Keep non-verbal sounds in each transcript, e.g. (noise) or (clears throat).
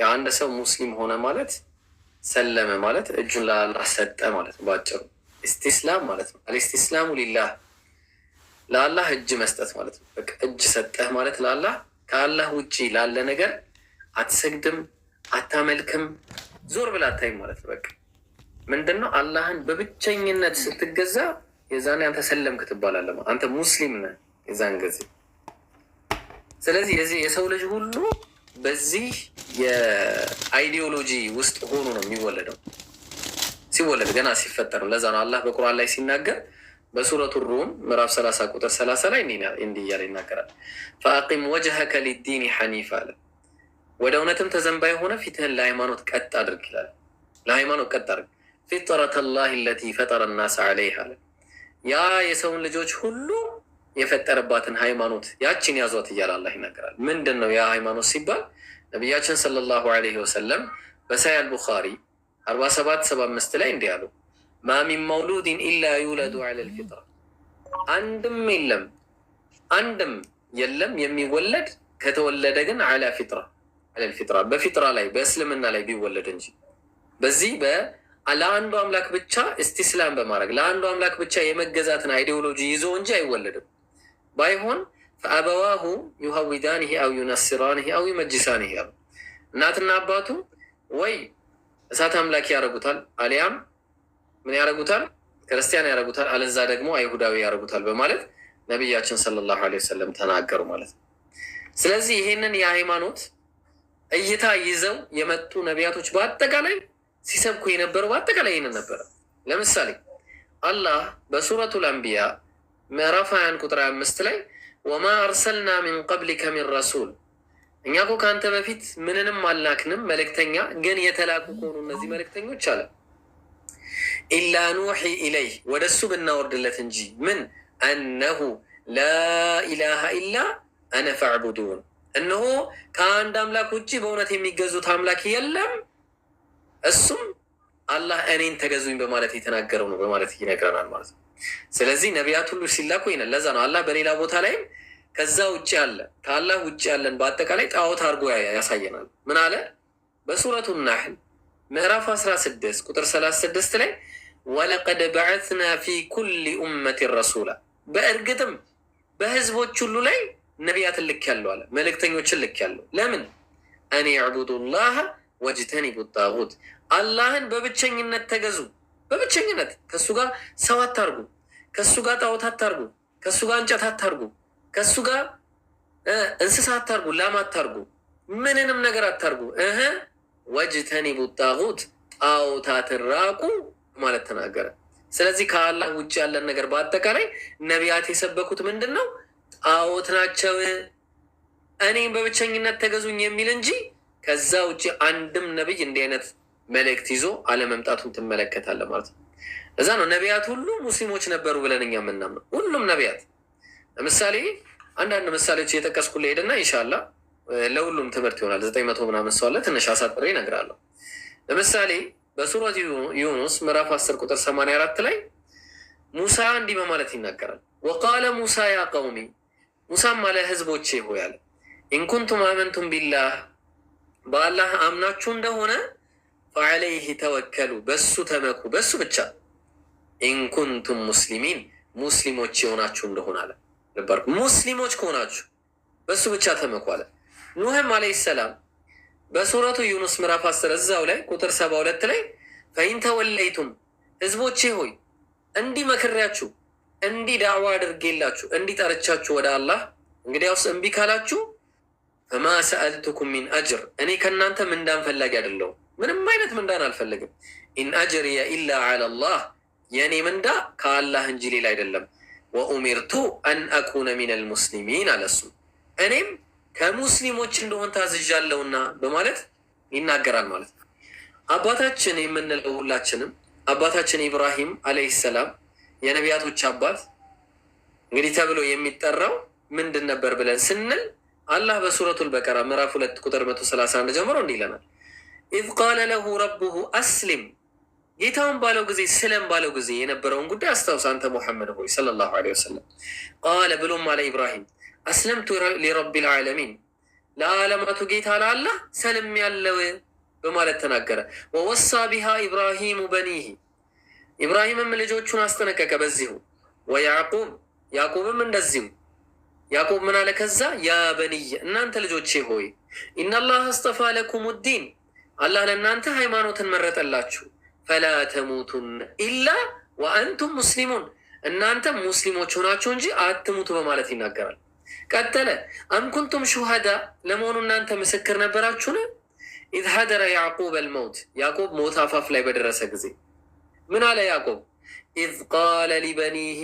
የአንድ ሰው ሙስሊም ሆነ ማለት ሰለመ ማለት እጁን ለአላህ ሰጠ ማለት ነው። በአጭሩ እስቲስላም ማለት ነው። አልእስቲስላሙ ሊላህ ለአላህ እጅ መስጠት ማለት ነው። በቃ እጅ ሰጠህ ማለት ለአላህ ከአላህ ውጪ ላለ ነገር አትሰግድም፣ አታመልክም፣ ዞር ብላ አታይም ማለት ነው። በቃ ምንድን ነው አላህን በብቸኝነት ስትገዛ የዛኔ አንተ ሰለምክ ትባላለህ። አንተ ሙስሊም ነህ የዛን ጊዜ። ስለዚህ የዚህ የሰው ልጅ ሁሉ በዚህ የአይዲዮሎጂ ውስጥ ሆኖ ነው የሚወለደው ሲወለድ ገና ሲፈጠር ነው። ለዛ ነው አላህ በቁርአን ላይ ሲናገር በሱረቱ ሩም ምዕራፍ ሰላሳ ቁጥር ሰላሳ ላይ እንዲህ እያለ ይናገራል። ፈአቂም ወጅሀከ ሊዲኒ ሐኒፍ አለ ወደ እውነትም ተዘንባ የሆነ ፊትህን ለሃይማኖት ቀጥ አድርግ ይላል። ለሃይማኖት ቀጥ አድርግ ፊጥረት ላህ ለቲ ፈጠረ ናስ አለይህ አለ ያ የሰውን ልጆች ሁሉ የፈጠረባትን ሃይማኖት ያችን ያዟት እያለ አላህ ይናገራል። ምንድን ነው ያ ሃይማኖት ሲባል ነቢያችን ሰለላሁ ዐለይሂ ወሰለም በሳይ አልቡኻሪ አርባ ሰባት ሰባ አምስት ላይ እንዲህ አሉ። ማሚን መውሉድን ኢላ ዩለዱ ዐለል ፊጥራ አንድም የለም አንድም የለም የሚወለድ ከተወለደ ግን ዐላ ፊጥራ ዐለል ፊጥራ በፊጥራ ላይ በእስልምና ላይ ቢወለድ እንጂ በዚህ ለአንዱ አምላክ ብቻ እስቲስላም በማድረግ ለአንዱ አምላክ ብቻ የመገዛትን አይዲዮሎጂ ይዞ እንጂ አይወለድም። ባይሆን ፈአበዋሁ ዩሀዊዳን አው ዩነስራኒህ አው ዩመጅሳኒህ አሉ። እናትና አባቱ ወይ እሳት አምላኪ ያደርጉታል፣ አሊያም ምን ያደርጉታል? ክርስቲያን ያደርጉታል፣ አለዛ ደግሞ አይሁዳዊ ያደርጉታል በማለት ነቢያችን ሰለላሁ ዐለይሂ ወሰለም ተናገሩ ማለት ነው። ስለዚህ ይሄንን የሃይማኖት እይታ ይዘው የመጡ ነቢያቶች በአጠቃላይ ሲሰብኩ የነበረው በአጠቃላይ ይህንን ነበረ። ለምሳሌ አላህ በሱረቱ አንቢያ ምዕራፍ 21 ቁጥር 5 ላይ ወማ አርሰልና ሚን ቀብሊከ ሚን ረሱል እኛ ኮ ከአንተ በፊት ምንንም አልላክንም መልእክተኛ ግን የተላኩ ከሆኑ እነዚህ መልእክተኞች አለ ኢላ ኑሒ ኢለይ ወደ እሱ ብናወርድለት እንጂ ምን አነሁ ላኢላሃ ኢላ አነ ፈዕቡዱን እነሆ ከአንድ አምላክ ውጭ በእውነት የሚገዙት አምላክ የለም እሱም አላህ እኔን ተገዙኝ በማለት የተናገረው ነው በማለት ይነግረናል ማለት ነው ስለዚህ ነቢያት ሁሉ ሲላኩ ይነን ለዛ ነው አላህ በሌላ ቦታ ላይም ከዛ ውጭ ያለ ከአላህ ውጭ ያለን በአጠቃላይ ጣዖት አድርጎ ያሳየናል። ምን አለ በሱረቱ ናህል ምዕራፍ 16 ቁጥር 36 ላይ ወለቀድ በዐትና ፊ ኩል ኡመትን ረሱላ በእርግጥም በህዝቦች ሁሉ ላይ ነቢያትን ልክ ያለው አለ መልእክተኞችን ልክ ያለው ለምን አን ያዕቡዱ ላህ ወጅተኒቡ ጣጉት አላህን በብቸኝነት ተገዙ በብቸኝነት ከእሱ ጋር ሰው አታርጉ፣ ከእሱ ጋር ጣዖት አታርጉ፣ ከእሱ ጋር እንጨት አታርጉ፣ ከእሱ ጋር እንስሳ አታርጉ፣ ላም አታርጉ፣ ምንንም ነገር አታርጉ። እህ ወጅተኒቡ ጣጉት ጣዖታትን ራቁ ማለት ተናገረ። ስለዚህ ከአላህ ውጭ ያለን ነገር በአጠቃላይ ነቢያት የሰበኩት ምንድን ነው? ጣዖት ናቸው። እኔም በብቸኝነት ተገዙኝ የሚል እንጂ ከዛ ውጭ አንድም ነቢይ እንዲህ አይነት መልእክት ይዞ አለመምጣቱን ትመለከታለ ማለት ነው። እዛ ነው ነቢያት ሁሉ ሙስሊሞች ነበሩ ብለን እኛ የምናምነው ሁሉም ነቢያት። ለምሳሌ አንዳንድ ምሳሌዎች እየጠቀስኩ ሄደና ይሻላ ለሁሉም ትምህርት ይሆናል። ዘጠኝ መቶ ምናምን ሰዋለ ትንሽ አሳጥሬ እነግራለሁ። ለምሳሌ በሱረት ዩኑስ ምዕራፍ አስር ቁጥር ሰማንያ አራት ላይ ሙሳ እንዲህ በማለት ይናገራል። ወቃለ ሙሳ ያ ቀውሚ ሙሳም አለ ህዝቦቼ ሆይ አለ ኢንኩንቱም አመንቱም ቢላህ በአላህ አምናችሁ እንደሆነ ወዐለይህ ተወከሉ በሱ ተመኩ በሱ ብቻ ኢንኩንቱም ሙስሊሚን ሙስሊሞች የሆናችሁ እንደሆነ አለ ነበር። ሙስሊሞች ከሆናችሁ በሱ ብቻ ተመኩ አለ። ኑህም አለይሂ ሰላም በሱረቱ ዩኑስ ምዕራፍ አስር እዛው ላይ ቁጥር ሰባ ሁለት ላይ ፈኢን ተወለይቱም ህዝቦቼ ሆይ እንዲህ መክሬያችሁ እንዲህ ዳዕዋ አድርጌላችሁ እንዲህ ጠርቻችሁ ወደ አላህ እንግዲያውስ እምቢ ካላችሁ ፈማ ሰአልቱኩም ሚን አጅር እኔ ከእናንተ ምንዳን ፈላጊ አይደለሁም ምንም አይነት ምንዳን አልፈልግም። ኢን አጅሪየ ኢላ ላህ የእኔ ምንዳ ከአላህ እንጂ ሌላ አይደለም። ወኡሚርቱ አን አኩነ ሚነል ሙስሊሚን አለሱ እኔም ከሙስሊሞች እንደሆን ታዝዣለሁና በማለት ይናገራል ማለት ነው። አባታችን የምንለው ሁላችንም አባታችን ኢብራሂም አለይሂ ሰላም የነቢያቶች አባት እንግዲህ ተብሎ የሚጠራው ምንድን ነበር ብለን ስንል አላህ በሱረቱል በቀራ ምዕራፍ ሁለት ቁጥር መቶ ሰላሳ አንድ ጀምሮ እንዲህ ይለናል ኢዝ ቃለ ለሁ ረቡሁ አስሊም ጌታውን ባለው ጊዜ ስለም ባለው ጊዜ የነበረውን ጉዳይ አስታውስ። አንተ ሙሐመድ ሆይ ሰለላሁ ዐለይሂ ወሰለም ቃለ ብሎም አለ ኢብራሂም አስለምቱ ሊረቢል ልዓለሚን ለዓለማቱ ጌታ ላአላ ሰልም ያለው በማለት ተናገረ። ወወሳ ቢሃ ኢብራሂሙ በኒህ ኢብራሂምም ልጆቹን አስጠነቀቀ በዚሁ ወያዕቁብ ያዕቁብም እንደዚሁ ያዕቁብ ምን አለ ከዛ ያ በኒየ እናንተ ልጆቼ ሆይ ኢናላህ አስጠፋ ለኩም ዲን አላህ ለእናንተ ሃይማኖትን መረጠላችሁ። ፈላ ተሙቱን ኢላ ወአንቱም ሙስሊሙን እናንተ ሙስሊሞች ሆናችሁ እንጂ አትሙቱ በማለት ይናገራል። ቀጠለ አምኩንቱም ሹሃዳ ለመሆኑ እናንተ ምስክር ነበራችሁን? ኢዝ ሀደረ ያዕቁብ አልመውት ያዕቁብ ሞት አፋፍ ላይ በደረሰ ጊዜ ምን አለ ያዕቁብ? ኢዝ ቃለ ሊበኒሂ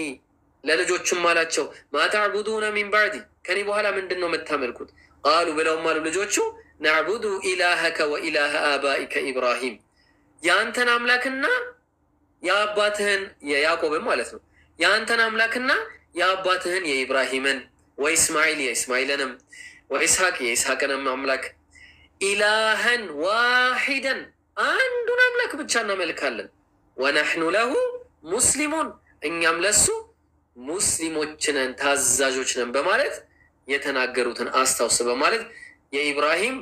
ለልጆችም አላቸው ማተዕቡዱነ ሚን ባዕዲ ከኔ በኋላ ምንድን ነው የምታመልኩት? ቃሉ ብለውም አሉ ልጆቹ ናዕቡዱ ኢላሃከ ወኢላሀ አባኢከ ኢብራሂም የአንተን አምላክና የአባትህን የያዕቆብን ማለት ነው የአንተን አምላክና የአባትህን የኢብራሂምን ወኢስማኤል የኢስማኤልንም ወኢስሐቅ የኢስሐቅንም አምላክ ኢላህን ዋሂደን አንዱን አምላክ ብቻ እናመልካለን። ወነሕኑ ለሁ ሙስሊሙን እኛም ለሱ ሙስሊሞችነን ታዛዦችነን በማለት የተናገሩትን አስታውስ በማለት የኢብራሂም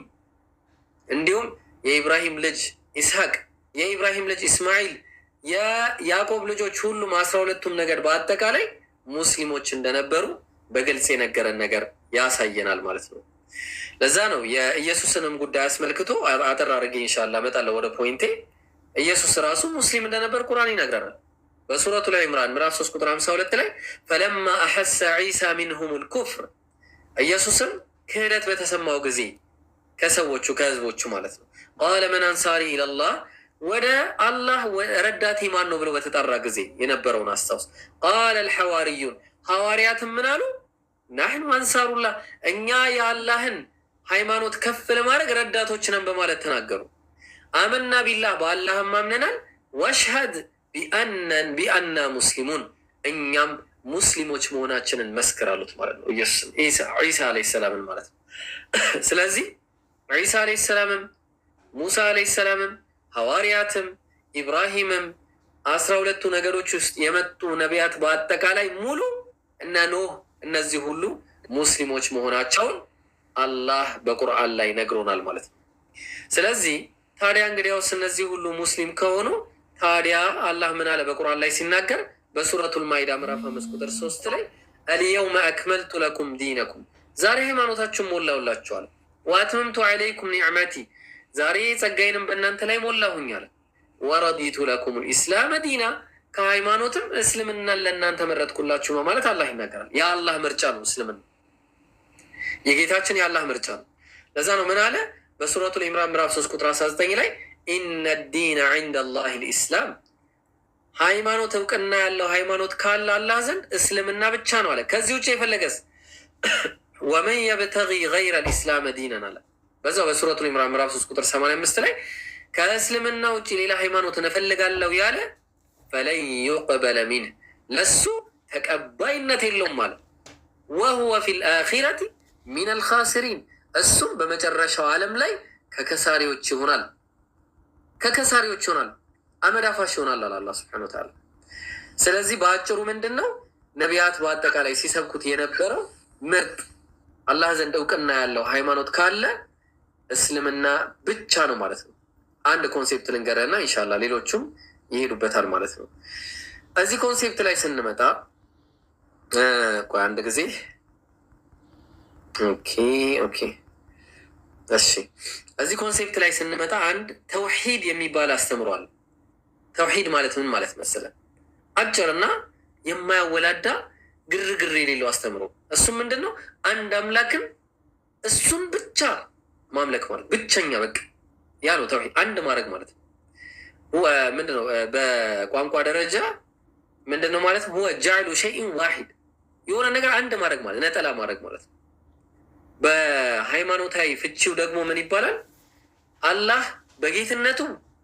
እንዲሁም የኢብራሂም ልጅ ኢስሐቅ፣ የኢብራሂም ልጅ እስማኤል፣ የያዕቆብ ልጆች ሁሉም አስራ ሁለቱም ነገድ በአጠቃላይ ሙስሊሞች እንደነበሩ በግልጽ የነገረን ነገር ያሳየናል ማለት ነው። ለዛ ነው የኢየሱስንም ጉዳይ አስመልክቶ አጠር አድርጌ እንሻላ እመጣለሁ ወደ ፖይንቴ። ኢየሱስ ራሱ ሙስሊም እንደነበር ቁርአን ይነግረናል። በሱረቱ ላይ ኢምራን ምዕራፍ ሶስት ቁጥር ሀምሳ ሁለት ላይ ፈለማ አሐሰ ዒሳ ሚንሁም ልኩፍር ኢየሱስም ክህደት በተሰማው ጊዜ ከሰዎቹ ከህዝቦቹ ማለት ነው። ቃለ መን አንሳሪ ኢለላህ ወደ አላህ ረዳቴ ማን ነው ብሎ በተጠራ ጊዜ የነበረውን አስታውስ። ቃለ ልሐዋርዩን ሐዋርያትም ምን አሉ? ናህኑ አንሳሩላህ እኛ የአላህን ሃይማኖት ከፍ ለማድረግ ረዳቶች ነን በማለት ተናገሩ። አመና ቢላህ በአላህም አምነናል። ወሽሀድ ቢአና ሙስሊሙን እኛም ሙስሊሞች መሆናችንን መስክር አሉት ማለት ነው። ኢየሱስም ዒሳ አለ ሰላምን ማለት ነው። (coughs) ስለዚህ ዒሳ አለ ሰላምም ሙሳ አለ ሰላምም ሐዋርያትም ኢብራሂምም አስራ ሁለቱ ነገዶች ውስጥ የመጡ ነቢያት በአጠቃላይ ሙሉ እነ ኖህ እነዚህ ሁሉ ሙስሊሞች መሆናቸውን አላህ በቁርአን ላይ ነግሮናል ማለት ነው። ስለዚህ ታዲያ እንግዲያውስ እነዚህ ሁሉ ሙስሊም ከሆኑ ታዲያ አላህ ምን አለ በቁርአን ላይ ሲናገር በሱረቱል ማይዳ ምዕራፍ አምስት ቁጥር ሶስት ላይ አልየውመ አክመልቱ ለኩም ዲነኩም ዛሬ ሃይማኖታችሁን ሞላውላችኋል። ወአትመምቱ ዓለይኩም ኒዕመቲ ዛሬ ጸጋዬንም በእናንተ ላይ ሞላሁኝ አለ። ወረዲቱ ለኩም ልኢስላመ ዲና ከሃይማኖትም እስልምናን ለእናንተ መረጥኩላችሁ በማለት ማለት አላህ ይናገራል። የአላህ ምርጫ ነው እስልምና፣ የጌታችን የአላህ ምርጫ ነው። ለዛ ነው ምን አለ በሱረቱል ኢምራን ምዕራፍ ሶስት ቁጥር አስራ ዘጠኝ ላይ ኢነ ዲነ ዐንደ ላሂ ልኢስላም ሃይማኖት እውቅና ያለው ሃይማኖት ካለ አላህ ዘንድ እስልምና ብቻ ነው አለ። ከዚህ ውጭ የፈለገስ (clears throat) ወመን የብተጊ ገይረ ልኢስላም ዲነን አለ። በዛው በሱረቱ ኢምራን ምዕራፍ ሶስት ቁጥር ሰማንያ አምስት ላይ ከእስልምና ውጭ ሌላ ሃይማኖትን እፈልጋለሁ ያለ ፈለን ዩቅበለ ሚን ለሱ ተቀባይነት የለውም አለ። ወሁወ ፊ አኺረቲ ሚን አልካስሪን እሱም በመጨረሻው ዓለም ላይ ከከሳሪዎች ይሆናል፣ ከከሳሪዎች ይሆናል። አመዳፋሽ አፋሽ ይሆናል አለ አላህ ሱብሓነሁ ወተዓላ። ስለዚህ በአጭሩ ምንድን ነው ነቢያት በአጠቃላይ ሲሰብኩት የነበረው ምርጥ አላህ ዘንድ እውቅና ያለው ሃይማኖት ካለ እስልምና ብቻ ነው ማለት ነው። አንድ ኮንሴፕት ልንገረና ኢንሻላህ ሌሎቹም ይሄዱበታል ማለት ነው። እዚህ ኮንሴፕት ላይ ስንመጣ ቆይ አንድ ጊዜ ኦኬ ኦኬ እሺ፣ እዚህ ኮንሴፕት ላይ ስንመጣ አንድ ተውሂድ የሚባል አስተምሯል። ተውሂድ ማለት ምን ማለት መሰለ? አጭርና የማያወላዳ ግርግር የሌለው አስተምሮ። እሱም ምንድን ነው? አንድ አምላክን እሱን ብቻ ማምለክ ማለት ብቸኛ በቃ ያ ነው ተውሒድ፣ አንድ ማድረግ ማለት ነው። ምንድን ነው በቋንቋ ደረጃ ምንድን ነው ማለት ሁወ ጃሉ ሸይን ዋሂድ የሆነ ነገር አንድ ማድረግ ማለት ነጠላ ማድረግ ማለት ነው። በሃይማኖታዊ ፍቺው ደግሞ ምን ይባላል? አላህ በጌትነቱ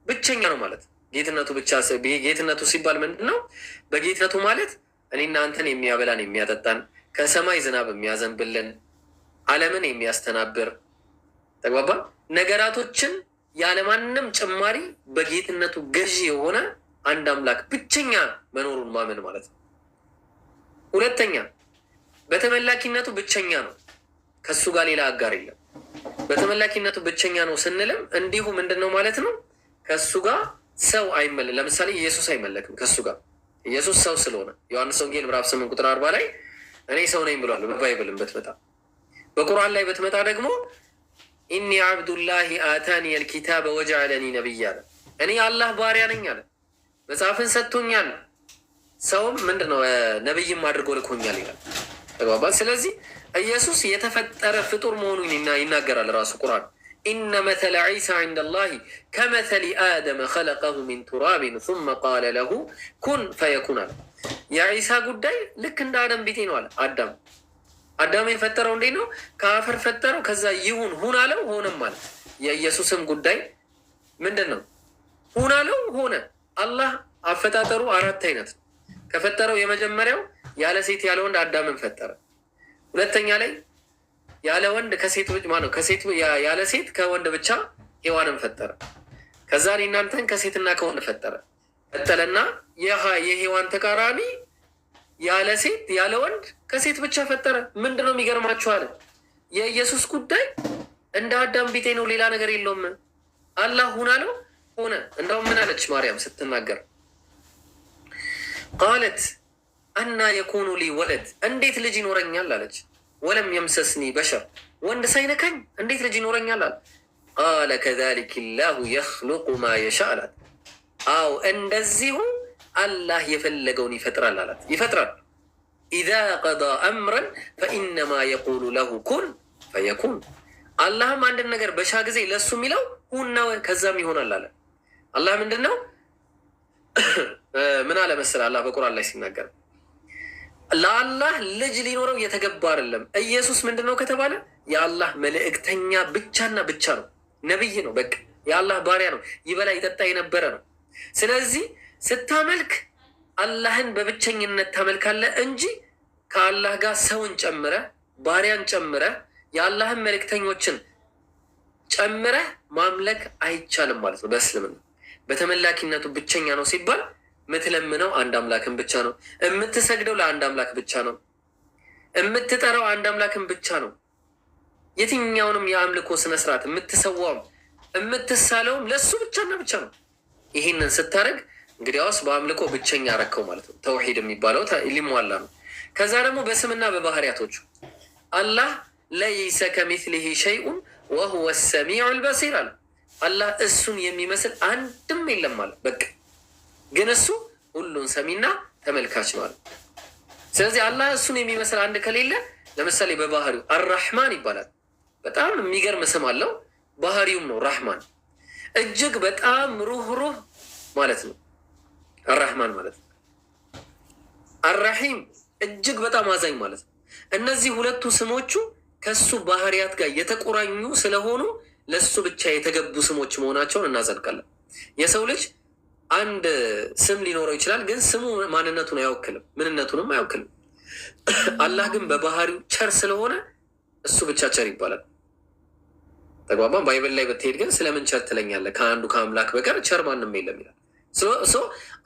ብቸኛ ነው ማለት ነው። ጌትነቱ ብቻ ጌትነቱ ሲባል ምንድን ነው? በጌትነቱ ማለት እኔና አንተን የሚያበላን የሚያጠጣን፣ ከሰማይ ዝናብ የሚያዘንብልን፣ ዓለምን የሚያስተናብር ተግባባ ነገራቶችን ያለማንም ጭማሪ በጌትነቱ ገዢ የሆነ አንድ አምላክ ብቸኛ መኖሩን ማመን ማለት ነው። ሁለተኛ በተመላኪነቱ ብቸኛ ነው፣ ከሱ ጋር ሌላ አጋር የለም። በተመላኪነቱ ብቸኛ ነው ስንልም እንዲሁ ምንድን ነው ማለት ነው ከሱ ጋር ሰው አይመለ ለምሳሌ ኢየሱስ አይመለክም ከሱ ጋር ኢየሱስ ሰው ስለሆነ ዮሐንስ ወንጌል ምዕራፍ ስምንት ቁጥር አርባ ላይ እኔ ሰው ነኝ ብሏል። በባይብልም ብትመጣ በቁርአን ላይ ብትመጣ ደግሞ ኢኒ አብዱላሂ አታኒ አልኪታበ ወጀዐለኒ ነቢይ አለ። እኔ አላህ ባሪያ ነኝ አለ። መጽሐፍን ሰጥቶኛል፣ ሰውም ምንድን ነው ነቢይም አድርጎ ልኮኛል ይላል። ተግባባል። ስለዚህ ኢየሱስ የተፈጠረ ፍጡር መሆኑን ይናገራል ራሱ ቁርአን ኢነ መተለ ዒሳ ዐንደ ላሂ ከመተሊ አደመ ኸለቀሁ ሚን ቱራቢን ሱመ ቃለ ለሁ ኩን ፈየኩን አለ። የዒሳ ጉዳይ ልክ እንደ አደም ቢጤ ነው አለ አዳም። አዳም የፈጠረው እንዴት ነው? ከአፈር ፈጠረው። ከዛ ይሁን ሁን አለው ሆነም አለ። የኢየሱስም ጉዳይ ምንድን ነው? ሁን አለው ሆነ። አላህ አፈጣጠሩ አራት አይነት ነው። ከፈጠረው የመጀመሪያው ያለ ሴት ያለ ወንድ አዳምን ፈጠረ። ሁለተኛ ላይ ያለ ወንድ ከሴት ማነው ከሴት ያለ ሴት ከወንድ ብቻ ሔዋንን ፈጠረ። ከዛ እናንተን ከሴትና ከወንድ ፈጠረ ፈጠለና የሔዋን ተቃራኒ ያለ ሴት ያለ ወንድ ከሴት ብቻ ፈጠረ። ምንድን ነው የሚገርማችሁ አለ የኢየሱስ ጉዳይ እንደ አዳም ቢጤ ነው፣ ሌላ ነገር የለውም። አላህ ሁን አለው ሆነ። እንደውም ምን አለች ማርያም ስትናገር ቃለት አና የኮኑ ሊ ወለድ እንዴት ልጅ ይኖረኛል አለች። ወለም የምሰስኒ በሸር ወንድ ሳይነካኝ እንዴት ልጅ ይኖረኛል? አለ ቃለ ከዛሊክ ላሁ የኽሉቁ ማ የሻ አላት። አዎ እንደዚሁ አላህ የፈለገውን ይፈጥራል አላት። ይፈጥራል ኢዛ ቀዳ አምረን ፈኢነማ የቁሉ ለሁ ኩን ፈየኩን። አላህም አንድን ነገር በሻ ጊዜ ለሱ የሚለው ሁና ከዛም ይሆናል አለ። አላህ ምንድን ነው (coughs) ምን አለመሰል አላህ በቁርአን ላይ ሲናገር ለአላህ ልጅ ሊኖረው የተገባ አይደለም። ኢየሱስ ምንድን ነው ከተባለ የአላህ መልእክተኛ ብቻና ብቻ ነው። ነብይ ነው። በቃ የአላህ ባሪያ ነው። ይበላ ይጠጣ የነበረ ነው። ስለዚህ ስታመልክ አላህን በብቸኝነት ታመልካለህ እንጂ ከአላህ ጋር ሰውን ጨምረ ባሪያን ጨምረ የአላህን መልእክተኞችን ጨምረ ማምለክ አይቻልም ማለት ነው። በእስልምና በተመላኪነቱ ብቸኛ ነው ሲባል የምትለምነው አንድ አምላክን ብቻ ነው። የምትሰግደው ለአንድ አምላክ ብቻ ነው። የምትጠራው አንድ አምላክን ብቻ ነው። የትኛውንም የአምልኮ ስነስርዓት የምትሰዋውም የምትሳለውም ለእሱ ብቻና ብቻ ነው። ይህንን ስታደርግ እንግዲያውስ በአምልኮ ብቸኛ ያረከው ማለት ነው። ተውሂድ የሚባለው ሊሟላ ነው። ከዛ ደግሞ በስምና በባህሪያቶቹ አላህ ለይሰ ከሚትሊሂ ሸይኡን ወሁወ ሰሚዑ ልበሲር አለ። አላህ እሱን የሚመስል አንድም የለም አለ በቃ ግን እሱ ሁሉን ሰሚና ተመልካች ነው አለ። ስለዚህ አላህ እሱን የሚመስል አንድ ከሌለ ለምሳሌ በባህሪው አራህማን ይባላል። በጣም የሚገርም ስም አለው። ባህሪውም ነው ራህማን፣ እጅግ በጣም ሩህሩህ ማለት ነው። አራህማን ማለት ነው። አራሂም እጅግ በጣም አዛኝ ማለት ነው። እነዚህ ሁለቱ ስሞቹ ከሱ ባህሪያት ጋር የተቆራኙ ስለሆኑ ለሱ ብቻ የተገቡ ስሞች መሆናቸውን እናዘልቃለን። የሰው ልጅ አንድ ስም ሊኖረው ይችላል፣ ግን ስሙ ማንነቱን አይወክልም፣ ምንነቱንም አይወክልም። (coughs) አላህ ግን በባህሪው ቸር ስለሆነ እሱ ብቻ ቸር ይባላል። ተግባባን። ባይብል ላይ ብትሄድ ግን ስለምን ቸር ትለኛለህ? ከአንዱ ከአምላክ በቀር ቸር ማንም የለም ይላል።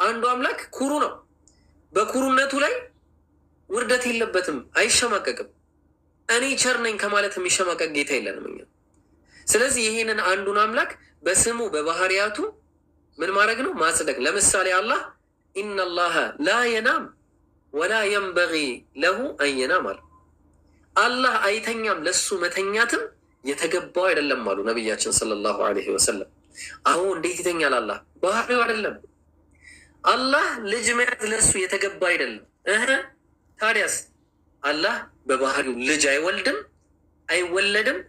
አንዱ አምላክ ኩሩ ነው። በኩሩነቱ ላይ ውርደት የለበትም፣ አይሸማቀቅም። እኔ ቸር ነኝ ከማለት የሚሸማቀቅ ጌታ የለንም እኛ። ስለዚህ ይህንን አንዱን አምላክ በስሙ በባህሪያቱ ምን ማድረግ ነው? ማጽደቅ። ለምሳሌ አላህ ኢነላሀ ላ የናም ወላ የንበጊ ለሁ አንየናም አለ። አላህ አይተኛም ለሱ መተኛትም የተገባው አይደለም አሉ ነቢያችን ሰለላሁ ዐለይሂ ወሰለም። አሁ እንዴት ይተኛል አላህ? ባህሪው አይደለም። አላህ ልጅ መያዝ ለሱ የተገባ አይደለም። እህ ታዲያስ አላህ በባህሪው ልጅ አይወልድም አይወለድም